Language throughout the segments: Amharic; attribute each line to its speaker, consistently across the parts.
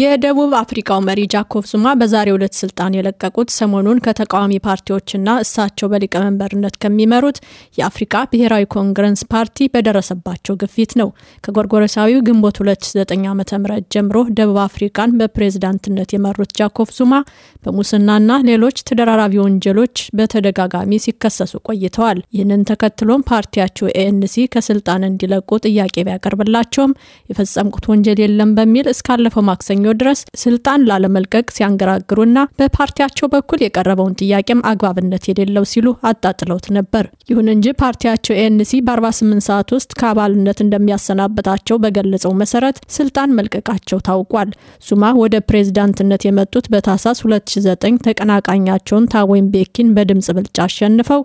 Speaker 1: የደቡብ አፍሪካው መሪ ጃኮብ ዙማ በዛሬ ሁለት ስልጣን የለቀቁት ሰሞኑን ከተቃዋሚ ፓርቲዎችና እሳቸው በሊቀመንበርነት ከሚመሩት የአፍሪካ ብሔራዊ ኮንግረስ ፓርቲ በደረሰባቸው ግፊት ነው። ከጎርጎረሳዊው ግንቦት 2009 ዓ.ም ጀምሮ ደቡብ አፍሪካን በፕሬዝዳንትነት የመሩት ጃኮብ ዙማ በሙስናና ሌሎች ተደራራቢ ወንጀሎች በተደጋጋሚ ሲከሰሱ ቆይተዋል። ይህንን ተከትሎም ፓርቲያቸው ኤንሲ ከስልጣን እንዲለቁ ጥያቄ ቢያቀርብላቸውም የፈጸምኩት ወንጀል የለም በሚል እስካለፈው ማክሰኞ ድረስ ስልጣን ላለመልቀቅ ሲያንገራግሩና በፓርቲያቸው በኩል የቀረበውን ጥያቄም አግባብነት የሌለው ሲሉ አጣጥለውት ነበር። ይሁን እንጂ ፓርቲያቸው ኤንሲ በ48 ሰዓት ውስጥ ከአባልነት እንደሚያሰናበታቸው በገለጸው መሰረት ስልጣን መልቀቃቸው ታውቋል። ሱማ ወደ ፕሬዝዳንትነት የመጡት በታህሳስ 2009 ተቀናቃኛቸውን ቤኪን በድምጽ ብልጫ አሸንፈው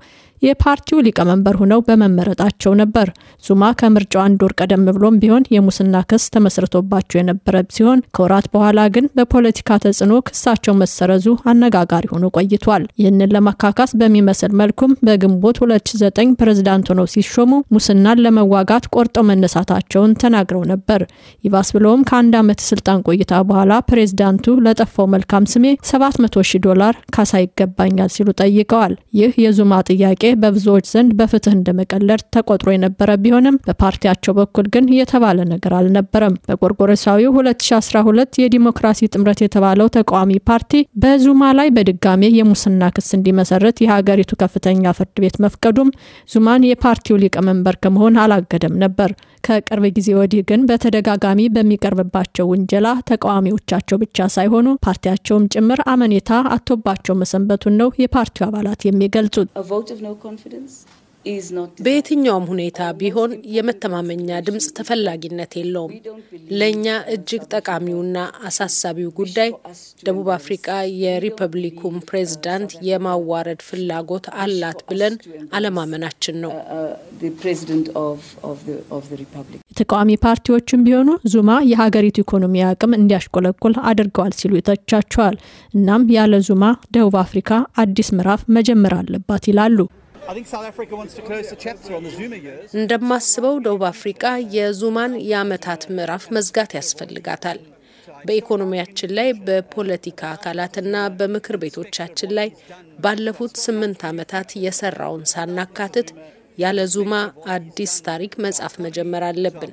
Speaker 1: የፓርቲው ሊቀመንበር ሆነው በመመረጣቸው ነበር። ዙማ ከምርጫው አንድ ወር ቀደም ብሎም ቢሆን የሙስና ክስ ተመስርቶባቸው የነበረ ሲሆን ከወራት በኋላ ግን በፖለቲካ ተጽዕኖ ክሳቸው መሰረዙ አነጋጋሪ ሆኖ ቆይቷል። ይህንን ለማካካስ በሚመስል መልኩም በግንቦት 2009 ፕሬዝዳንት ሆነው ሲሾሙ ሙስናን ለመዋጋት ቆርጠው መነሳታቸውን ተናግረው ነበር። ይባስ ብለውም ከአንድ ዓመት ስልጣን ቆይታ በኋላ ፕሬዝዳንቱ ለጠፋው መልካም ስሜ 700 ሺህ ዶላር ካሳ ይገባኛል ሲሉ ጠይቀዋል። ይህ የዙማ ጥያቄ በብዙዎች ዘንድ በፍትህ እንደመቀለድ ተቆጥሮ የነበረ ቢሆንም በፓርቲያቸው በኩል ግን የተባለ ነገር አልነበረም። በጎርጎረሳዊው 2012 የዲሞክራሲ ጥምረት የተባለው ተቃዋሚ ፓርቲ በዙማ ላይ በድጋሜ የሙስና ክስ እንዲመሰረት የሀገሪቱ ከፍተኛ ፍርድ ቤት መፍቀዱም ዙማን የፓርቲው ሊቀመንበር ከመሆን አላገደም ነበር። ከቅርብ ጊዜ ወዲህ ግን በተደጋጋሚ በሚቀርብባቸው ውንጀላ ተቃዋሚዎቻቸው ብቻ ሳይሆኑ ፓርቲያቸውም ጭምር አመኔታ አቶባቸው መሰንበቱን ነው የፓርቲው አባላት የሚገልጹት።
Speaker 2: በየትኛውም ሁኔታ ቢሆን የመተማመኛ ድምፅ ተፈላጊነት የለውም። ለእኛ እጅግ ጠቃሚውና አሳሳቢው ጉዳይ ደቡብ አፍሪቃ የሪፐብሊኩን ፕሬዝዳንት የማዋረድ ፍላጎት አላት ብለን አለማመናችን ነው። uh, uh,
Speaker 1: የተቃዋሚ ፓርቲዎችም ቢሆኑ ዙማ የሀገሪቱ ኢኮኖሚ አቅም እንዲያሽቆለቁል አድርገዋል ሲሉ ይተቻቸዋል። እናም ያለ ዙማ ደቡብ አፍሪካ አዲስ ምዕራፍ መጀመር አለባት ይላሉ።
Speaker 2: እንደማስበው ደቡብ አፍሪቃ የዙማን የአመታት ምዕራፍ መዝጋት ያስፈልጋታል። በኢኮኖሚያችን ላይ በፖለቲካ አካላትና በምክር ቤቶቻችን ላይ ባለፉት ስምንት ዓመታት የሰራውን ሳናካትት ያለ ዙማ አዲስ ታሪክ መጻፍ መጀመር አለብን።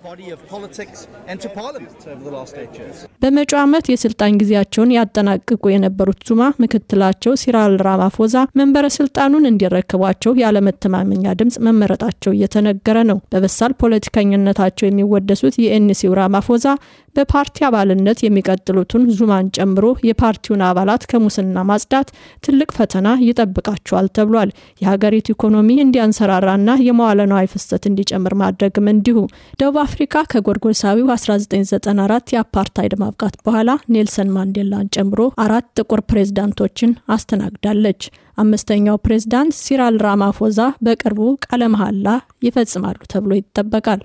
Speaker 1: በመጪው ዓመት የስልጣን ጊዜያቸውን ያጠናቅቁ የነበሩት ዙማ ምክትላቸው ሲራል ራማፎዛ መንበረ ስልጣኑን እንዲረከቧቸው ያለመተማመኛ ድምጽ መመረጣቸው እየተነገረ ነው። በበሳል ፖለቲከኝነታቸው የሚወደሱት የኤንሲው ራማፎዛ በፓርቲ አባልነት የሚቀጥሉትን ዙማን ጨምሮ የፓርቲውን አባላት ከሙስና ማጽዳት ትልቅ ፈተና ይጠብቃቸዋል ተብሏል። የሀገሪቱ ኢኮኖሚ እንዲያንሰራራና የመዋለ ንዋይ ፍሰት እንዲጨምር ማድረግም እንዲሁ። ደቡብ አፍሪካ ከጎርጎሳዊው 1994 የአፓርታይድ ማብቃት በኋላ ኔልሰን ማንዴላን ጨምሮ አራት ጥቁር ፕሬዝዳንቶችን አስተናግዳለች። አምስተኛው ፕሬዝዳንት ሲራል ራማፎዛ በቅርቡ ቃለ መሐላ ይፈጽማሉ ተብሎ ይጠበቃል።